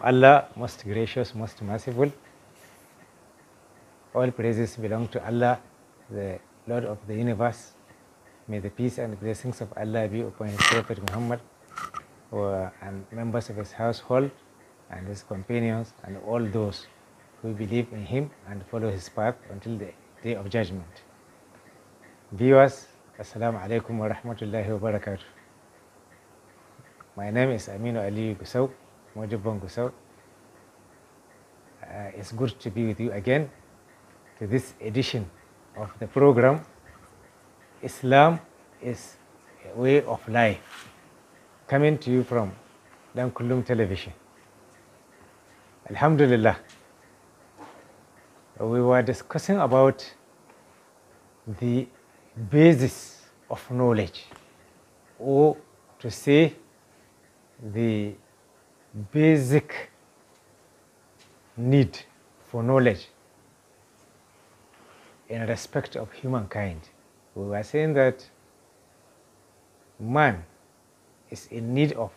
of Allah, most gracious, most merciful. All praises belong to Allah, the Lord of the universe. May the peace and blessings of Allah be upon His Prophet Muhammad and members of His household and His companions and all those who believe in Him and follow His path until the Day of Judgment. Viewers, Assalamu alaikum wa rahmatullahi wa barakatuh. My name is Aminu Ali Gusau. Mojo So uh, it's good to be with you again to this edition of the program Islam is a way of life coming to you from Dan Television. Alhamdulillah, we were discussing about the basis of knowledge or to say the basic need for knowledge in respect of humankind. We were saying that man is in need of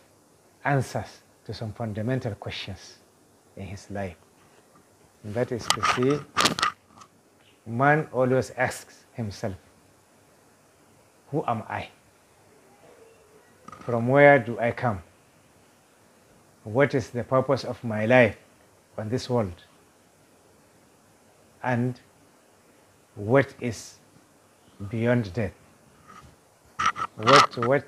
answers to some fundamental questions in his life. And that is to say, man always asks himself, Who am I? From where do I come? what is the purpose of my life on this world and what is beyond death what what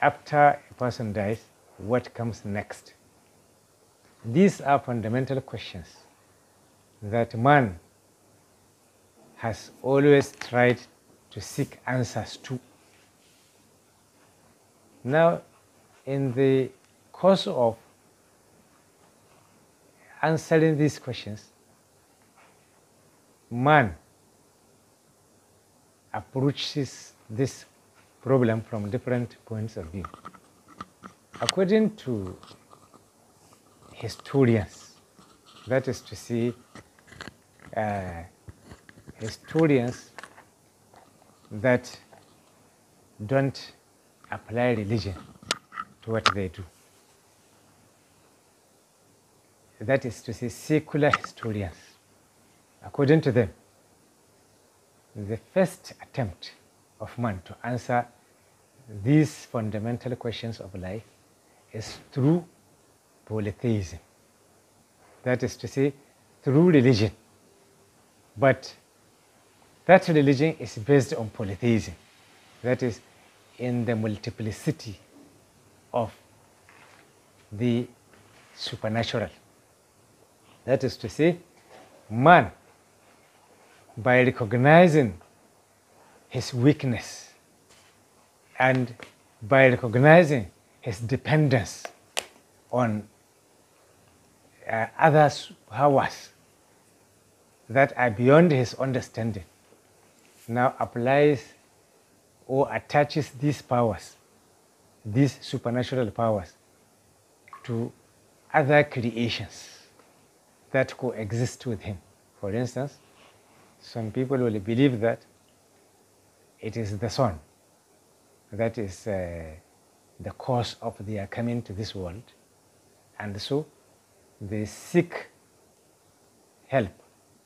after a person dies what comes next these are fundamental questions that man has always tried to seek answers to now in the course of answering these questions, man approaches this problem from different points of view. According to historians, that is to say, uh, historians that don't apply religion to what they do that is to say, secular historians. According to them, the first attempt of man to answer these fundamental questions of life is through polytheism. That is to say, through religion. But that religion is based on polytheism. That is, in the multiplicity of the supernatural. That is to say, man, by recognizing his weakness and by recognizing his dependence on uh, others' powers that are beyond his understanding, now applies or attaches these powers, these supernatural powers, to other creations that coexist with him. For instance, some people will believe that it is the sun that is uh, the cause of their coming to this world, and so they seek help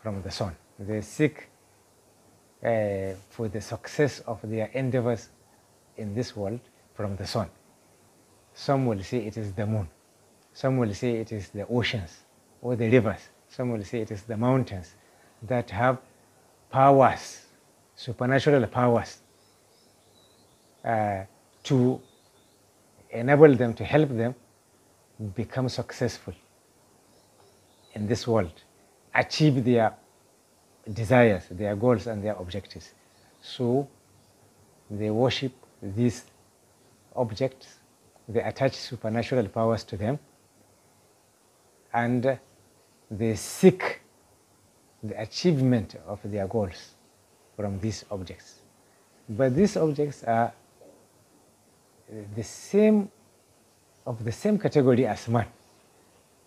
from the sun. They seek uh, for the success of their endeavors in this world from the sun. Some will say it is the moon. Some will say it is the oceans or the rivers, some will say it is the mountains, that have powers, supernatural powers, uh, to enable them, to help them become successful in this world, achieve their desires, their goals, and their objectives. So they worship these objects, they attach supernatural powers to them, and they seek the achievement of their goals from these objects. But these objects are the same of the same category as man.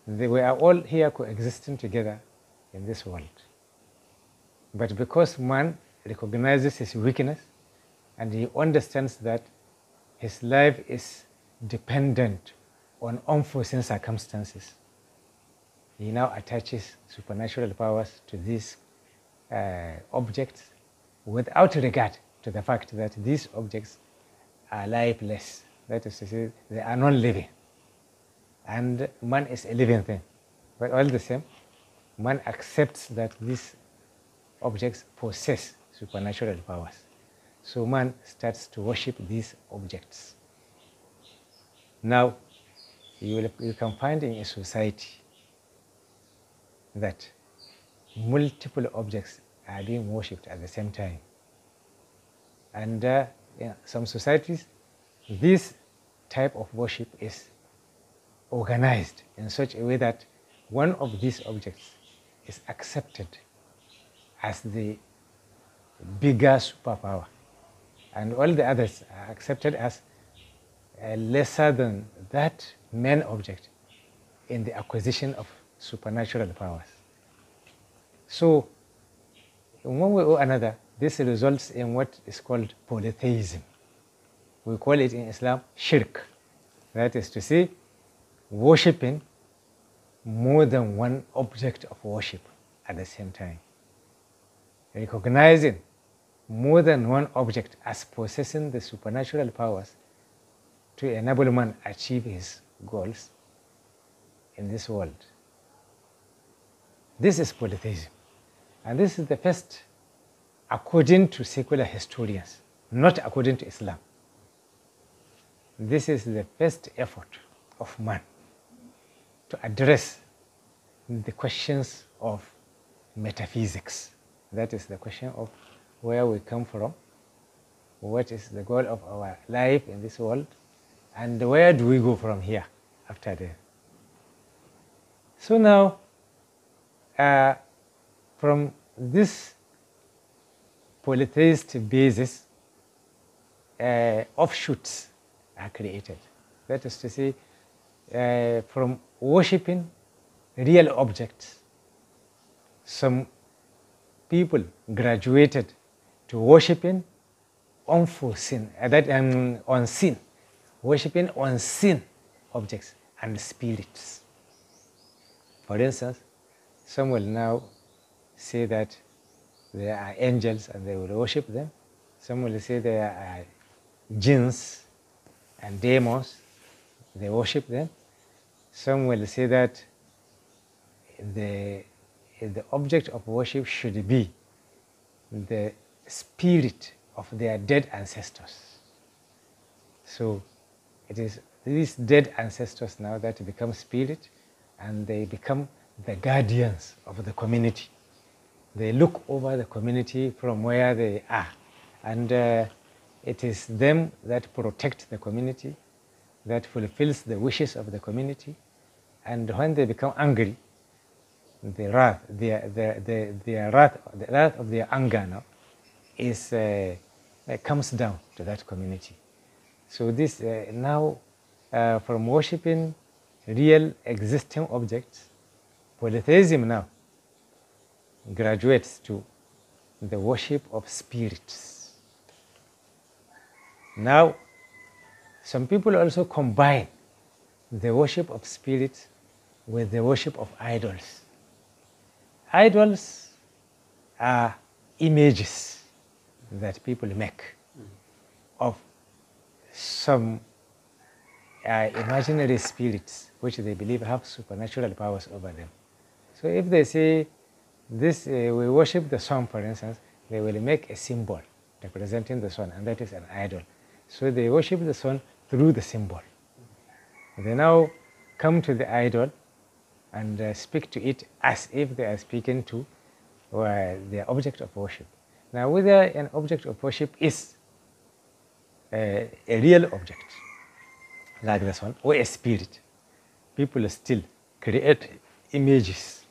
They, we are all here coexisting together in this world. But because man recognizes his weakness and he understands that his life is dependent on unforeseen circumstances, he now attaches supernatural powers to these uh, objects without regard to the fact that these objects are lifeless. That is to say, they are non living. And man is a living thing. But all the same, man accepts that these objects possess supernatural powers. So man starts to worship these objects. Now, you, will, you can find in a society that multiple objects are being worshipped at the same time. And uh, in some societies, this type of worship is organized in such a way that one of these objects is accepted as the bigger superpower, and all the others are accepted as lesser than that main object in the acquisition of supernatural powers. So, in one way or another, this results in what is called polytheism. We call it in Islam shirk. That is to say, worshipping more than one object of worship at the same time. Recognizing more than one object as possessing the supernatural powers to enable man achieve his goals in this world. This is polytheism. And this is the first according to secular historians, not according to Islam. This is the first effort of man to address the questions of metaphysics. That is the question of where we come from, what is the goal of our life in this world, and where do we go from here after death. So now, uh, from this polytheist basis, uh, offshoots are created. That is to say, uh, from worshipping real objects, some people graduated to worshipping unforeseen, uh, that um, unseen, worshipping unseen objects and spirits. For instance, some will now say that there are angels and they will worship them. Some will say there are jinns and demons, they worship them. Some will say that the, the object of worship should be the spirit of their dead ancestors. So it is these dead ancestors now that become spirit and they become the guardians of the community. They look over the community from where they are. And uh, it is them that protect the community, that fulfills the wishes of the community. And when they become angry, the wrath, their, their, their, their wrath, the wrath of their anger now is, uh, uh comes down to that community. So this uh, now, uh, from worshipping real existing objects, Polytheism now graduates to the worship of spirits. Now, some people also combine the worship of spirits with the worship of idols. Idols are images that people make of some uh, imaginary spirits which they believe have supernatural powers over them. So if they say this, uh, we worship the sun, for instance, they will make a symbol representing the sun, and that is an idol. So they worship the sun through the symbol. They now come to the idol and uh, speak to it as if they are speaking to uh, their object of worship. Now, whether an object of worship is a, uh, a real object, like this one, or a spirit, people still create images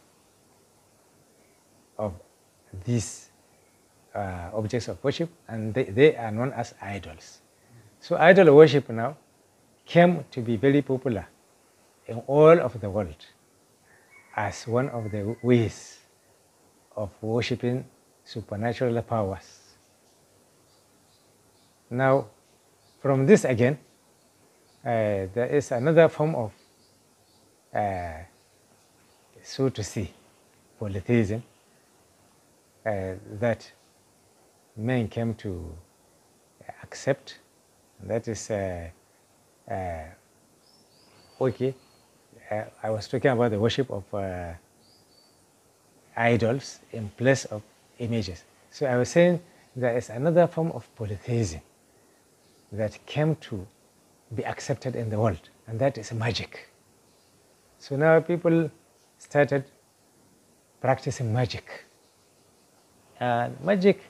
of these uh, objects of worship and they, they are known as idols. So idol worship now came to be very popular in all of the world as one of the ways of worshipping supernatural powers. Now, from this again, uh, there is another form of, uh, so to say, polytheism, uh, that men came to accept. That is, uh, uh, okay, I was talking about the worship of idols in place of images. So I was saying there is another form of polytheism that came to be accepted in the world, and that is magic. So now people started practicing magic. And uh, magic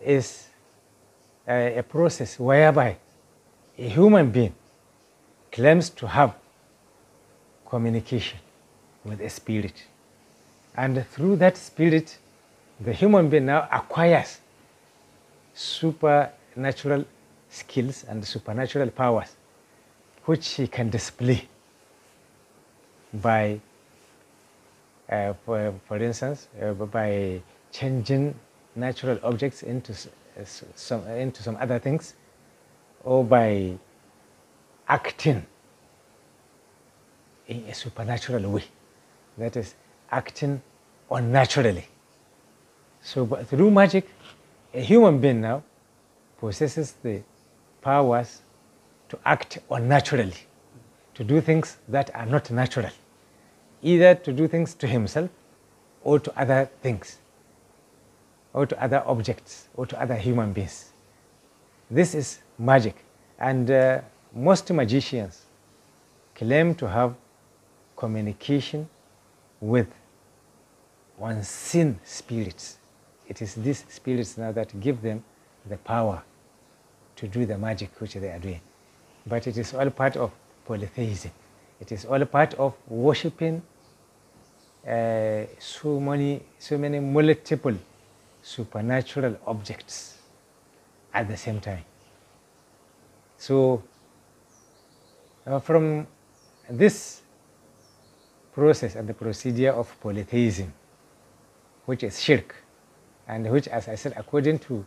is a, a process whereby a human being claims to have communication with a spirit. And through that spirit, the human being now acquires supernatural skills and supernatural powers which he can display by, uh, for, for instance, uh, by changing natural objects into some, into some other things or by acting in a supernatural way. That is acting unnaturally. So through magic, a human being now possesses the powers to act unnaturally, to do things that are not natural, either to do things to himself or to other things or to other objects or to other human beings. This is magic and uh, most magicians claim to have communication with unseen spirits. It is these spirits now that give them the power to do the magic which they are doing. But it is all part of polytheism. It is all part of worshipping uh, so many, so many multiple supernatural objects at the same time. So, uh, from this process and the procedure of polytheism, which is shirk, and which, as I said, according to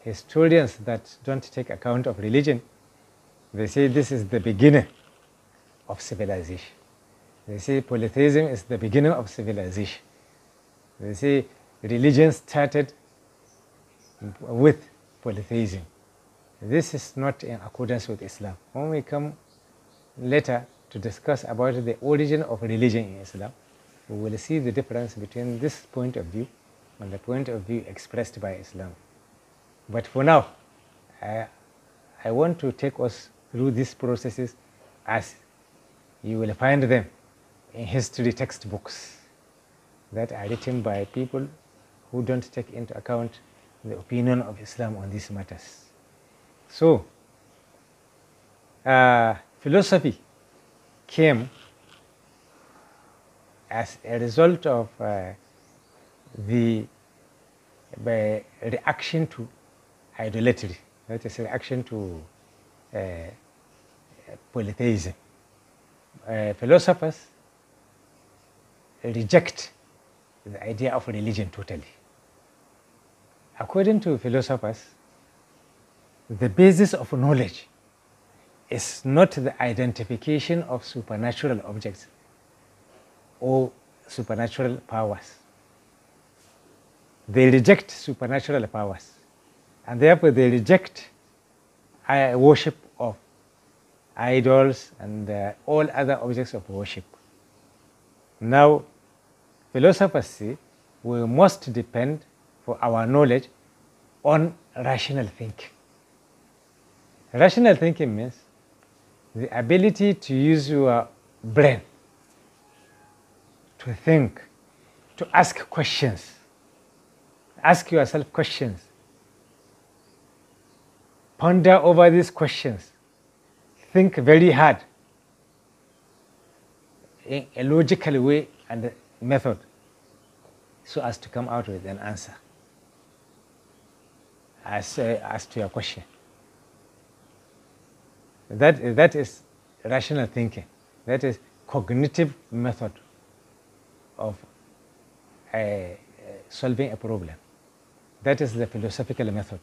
historians that don't take account of religion, they say this is the beginning of civilization. They say polytheism is the beginning of civilization. They say religion started with polytheism. This is not in accordance with Islam. When we come later to discuss about the origin of religion in Islam, we will see the difference between this point of view and the point of view expressed by Islam. But for now, I, I want to take us through these processes as you will find them in history textbooks that are written by people who don't take into account the opinion of Islam on these matters. So, uh, philosophy came as a result of uh, the reaction to idolatry, that is, reaction to uh, polytheism. Uh, philosophers reject the idea of religion totally. According to philosophers, the basis of knowledge is not the identification of supernatural objects or supernatural powers. They reject supernatural powers and therefore they reject worship of idols and uh, all other objects of worship. Now, philosophers say we must depend for our knowledge on rational thinking. Rational thinking means the ability to use your brain to think, to ask questions, ask yourself questions, ponder over these questions, think very hard in a logical way and method so as to come out with an answer as, uh, as to your question. That, that is rational thinking. That is cognitive method of uh, solving a problem. That is the philosophical method.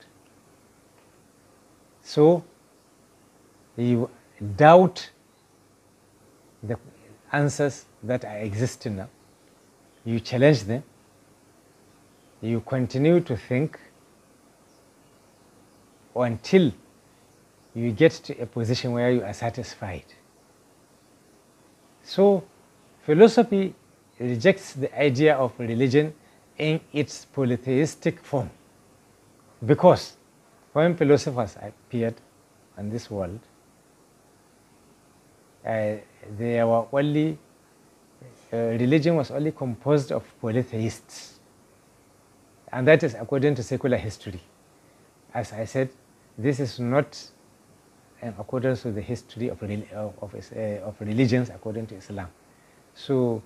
So you doubt the answers that are existing now. You challenge them. You continue to think until you get to a position where you are satisfied. So, philosophy rejects the idea of religion in its polytheistic form because when philosophers appeared on this world, uh, were only uh, religion was only composed of polytheists, and that is according to secular history. As I said, this is not in accordance with the history of, of, eh, of religions according to Islam. So,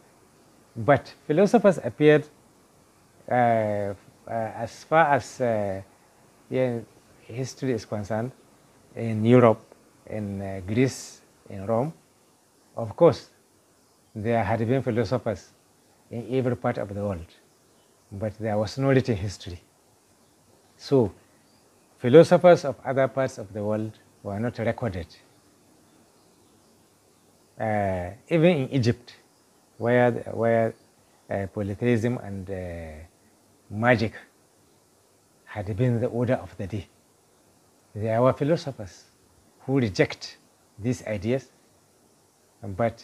but philosophers appeared uh, uh, as far as uh, yeah, history is concerned in Europe, in Greece, in Rome. Of course, there had been philosophers in every part of the world, but there was no written history. So, philosophers of other parts of the world were not recorded. Uh, even in Egypt, where, where uh, polytheism and uh, magic had been the order of the day, there were philosophers who reject these ideas, but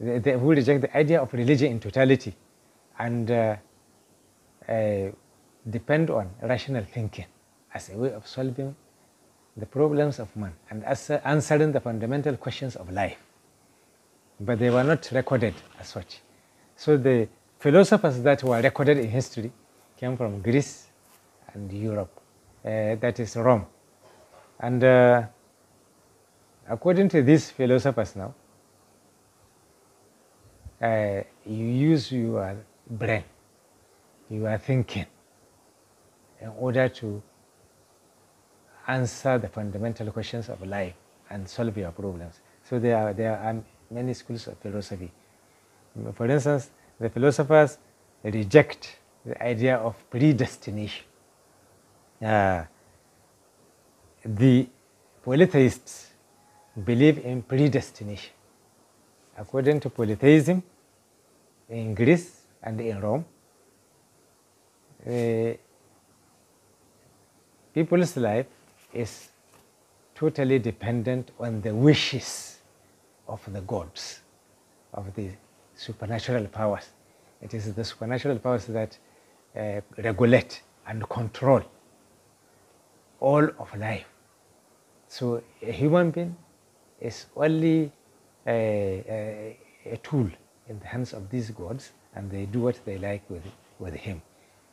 they, they who reject the idea of religion in totality and uh, uh, depend on rational thinking as a way of solving the problems of man and answering the fundamental questions of life. But they were not recorded as such. So the philosophers that were recorded in history came from Greece and Europe, uh, that is Rome. And uh, according to these philosophers now, uh, you use your brain, you are thinking in order to answer the fundamental questions of life and solve your problems. So there are, there are many schools of philosophy. For instance, the philosophers reject the idea of predestination. Uh, the polytheists believe in predestination. According to polytheism in Greece and in Rome, uh, people's life is totally dependent on the wishes of the gods, of the supernatural powers. It is the supernatural powers that uh, regulate and control all of life. So a human being is only a, uh, a, uh, a, tool in the hands of these gods and they do what they like with, with him.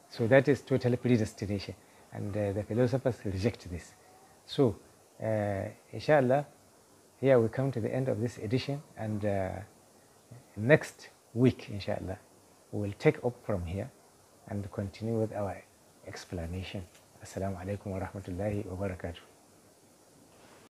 So that is total predestination and uh, the philosophers reject this. So, uh, inshallah, here we come to the end of this edition, and uh, next week, inshallah, we will take up from here and continue with our explanation. Assalamu alaikum wa rahmatullahi wa barakatuh.